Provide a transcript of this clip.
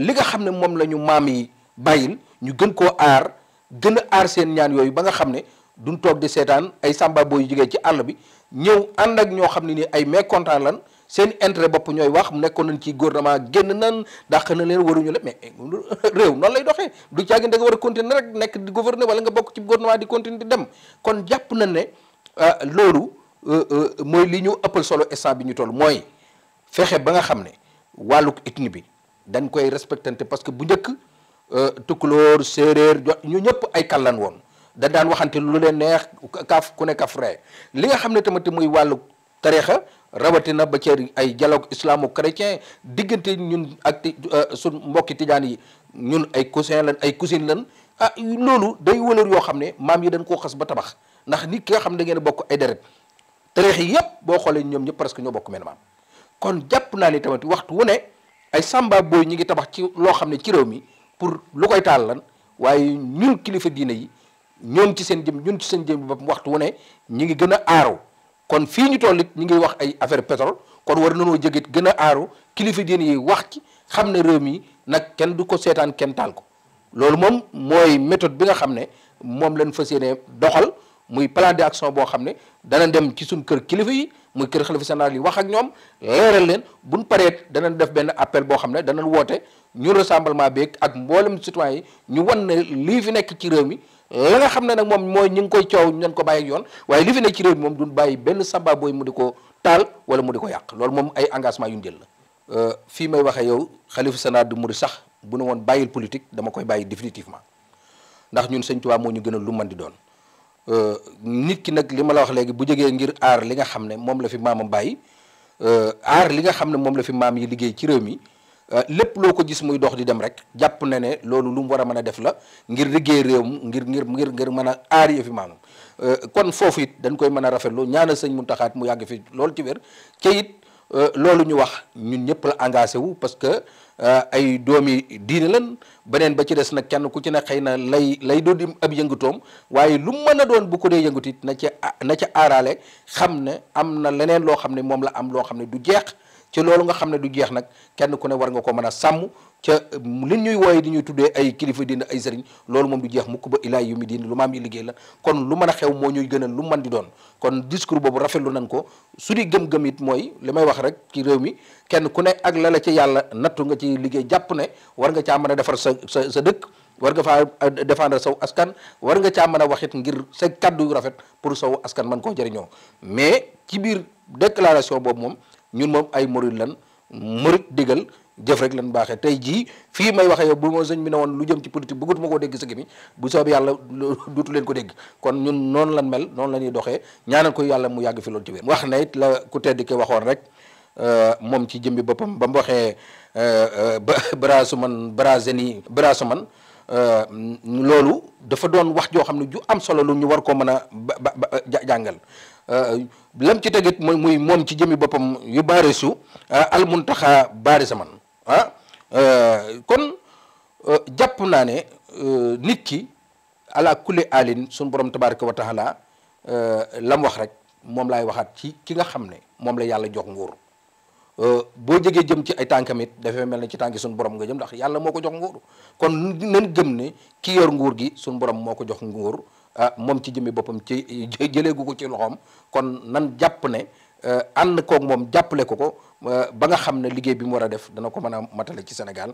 li nga xam ne moom la ñu maam yi bàyyil ñu gën ko aar gën a aar seen ñaan yooyu ba nga xam ne duñ toog di seetaan ay samba boo yu jógee ci àll bi ñëw ànd ak ñoo xam ne ni ay mécontent lan seen intérêt bopp ñooy wax nekkoon nañ ci gouvernement génn nan dàq na leen waruñu la mais réew noonu lay doxee du caagin da war a continuer rek nekk di gouverner wala nga bokk ci gouvernement di continuer di dem kon jàpp na ne euh, loolu euh, euh, mooy li ñu ëppal solo instant bi ñu toll mooy fexe ba nga xam ne wàlluk ethnie bi dañ koy respectante parce que bu euh tukulóor séeréer ñu ñëpp ay kallan woon da daan waxante lu leen neex kaf ku ne kaf ree li nga xam tamit muy tarexa rawati rawatina ba ci ay dialogue islamo chrétien digënté ñun ak eh, sun mbokki tidiane yi ñun ay cousin lan ay cousine lan ah lolu day wëlër yo xam mam yi dañ ko xass ba tabax ndax nit ki nga xam da ngeen bokk ay deret tarix yi yëpp boo xoolee ñëpp presque ñoo bokk mel mam kon japp na ni tamit waxtu wu ne ay samba booy ñi ngi tabax ci loo xam ne ci réew mi pour lu koy taal lan waaye ñun kilifa diine yi ñoom ci seen jëm ñun ci seen jëm bopp waxtu wu ne ñi ngi gën a aaru kon fii ñu toll ñu ngi wax ay affaire pétrole kon war nanoo jege gën a aaru kilifa diine yi wax ci xam ne réew mi nag kenn du ko seetaan kenn taal ko loolu moom mooy méthode bi nga xam ne moom lan fas yéene doxal muy plan d'action boo xam ne dana dem ci suñ kër kilifa yi muy kër xalifa général yi wax ak ñoom leeral leen bu buñ paree danañ def benn appel boo xam ne danañ woote ñu rassemblement beeg ak mboolem ci citoyen yi ñu wan ne lii fi nekk ci réew mi la nga xam ne nag moom mooy ñu ngi koy coow ñu leen ko bàyyi yoon waaye lii fi nekk ci réew mi moom duñ bàyyi benn samba booy mu ko taal wala mu ko yàq loolu moom ay engagement yu ñu jël la euh, fii may waxee yow xalifa général du murid sax bu ne woon bàyyil politique dama koy bàyyi définitivement ndax ñun sëñ Tuubaa moo ñu gën a lu man di doon Euh, nit ki nag li ma la wax léegi bu jegee ngir aar li nga xam ne moom la fi maamam bàyyi euh, aar li nga xam ne moom la fi maam yi liggéey ci réew mi euh, lépp loo ko gis muy dox di dem rek jàpp na ne loolu lu mu war a mën a def la ngir liggéey réewam ngir ngir ngir ngir mën a aar fi maamam kon foofu it dañ koy mën a rafetlu ñaanal sëñ mu taxaat mu yàgg fi loolu ci wér ca it Euh, loolu ñu wax ñun ñëpp la engagé wu parce que euh, ay doomi diine lan beneen ba ci des nag kenn ku ci ne xëy na lay lay doon di ab yëngutoom waaye lu mën a doon bu ko dee yëngatu na ca na ca aaraale xam ne am na leneen loo xam ne moom la am loo xam ne du jeex ci loolu nga xam ne du jeex nag kenn ku ne war nga ko mën a sàmm ca euh, li ñuy wooye di ñuy tuddee ay kilifa dina ay sëriñ loolu moom du jeex mukk ba ilaay yu mi diin lu maam yi liggéey la kon lu mën a xew moo ñuy gënal lu mën di doon kon discours boobu rafetlu nañ ko su di gëm-gëm it mooy li may wax rek ci réew mi kenn ku ne ak la la ci yàlla nattu nga ci liggéey jàpp ne war nga caa mën a defar sa sa sa dëkk war nga faa euh, défendre saw askan war nga caa mën a waxit ngir sa kàddu rafet pour saw askan mën koo jëriñoo mais ci biir déclaration boobu moom ñun moom ay murid lan murid digal jëf rek lan baaxee tey jii fii may waxee yow bu ma sëñ bi ne woon lu jëm ci politique bëggatuma koo dégg sa gi mi bu soob yàlla duutu leen ko dégg kon ñun noonu lan mel noonu la ñuy doxee ñaanal ko yàlla mu yàgg fi loolu ci wér wax na it la ku tedd ki waxoon rek euh, moom ci jëm bi boppam ba mu waxee euh, euh, brasu man braseni brasu man loolu dafa doon wax joo xam ne ju am solo lu ñu war koo mën a ba jàngal Euh, lam ci tegit mooy muy moom ci jëmi boppam yu baarisu euh, almuntaxa baarisa man ah euh, kon jàpp naa ne nit ki ala kulli alin suñu borom tabaraka wa taala lam wax rek moom laay waxaat ci ki nga xam ne moom la yàlla jox nguur boo jegee jëm ci ay tànkamit dafay mel ne ci tànki suñu borom nga jëm ndax yàlla moo ko jox nguur kon nañ gëm ne ki yor nguur gi suñu borom moo ko jox nguur Ah, moom ci jëmmi boppam ci jëleegu ko ci loxoom kon nan jàpp ne eh, ànd koog moom jàppale ko ko eh, ba nga xam ne liggéey bi mu war a def dana ko mën a matale ci senegal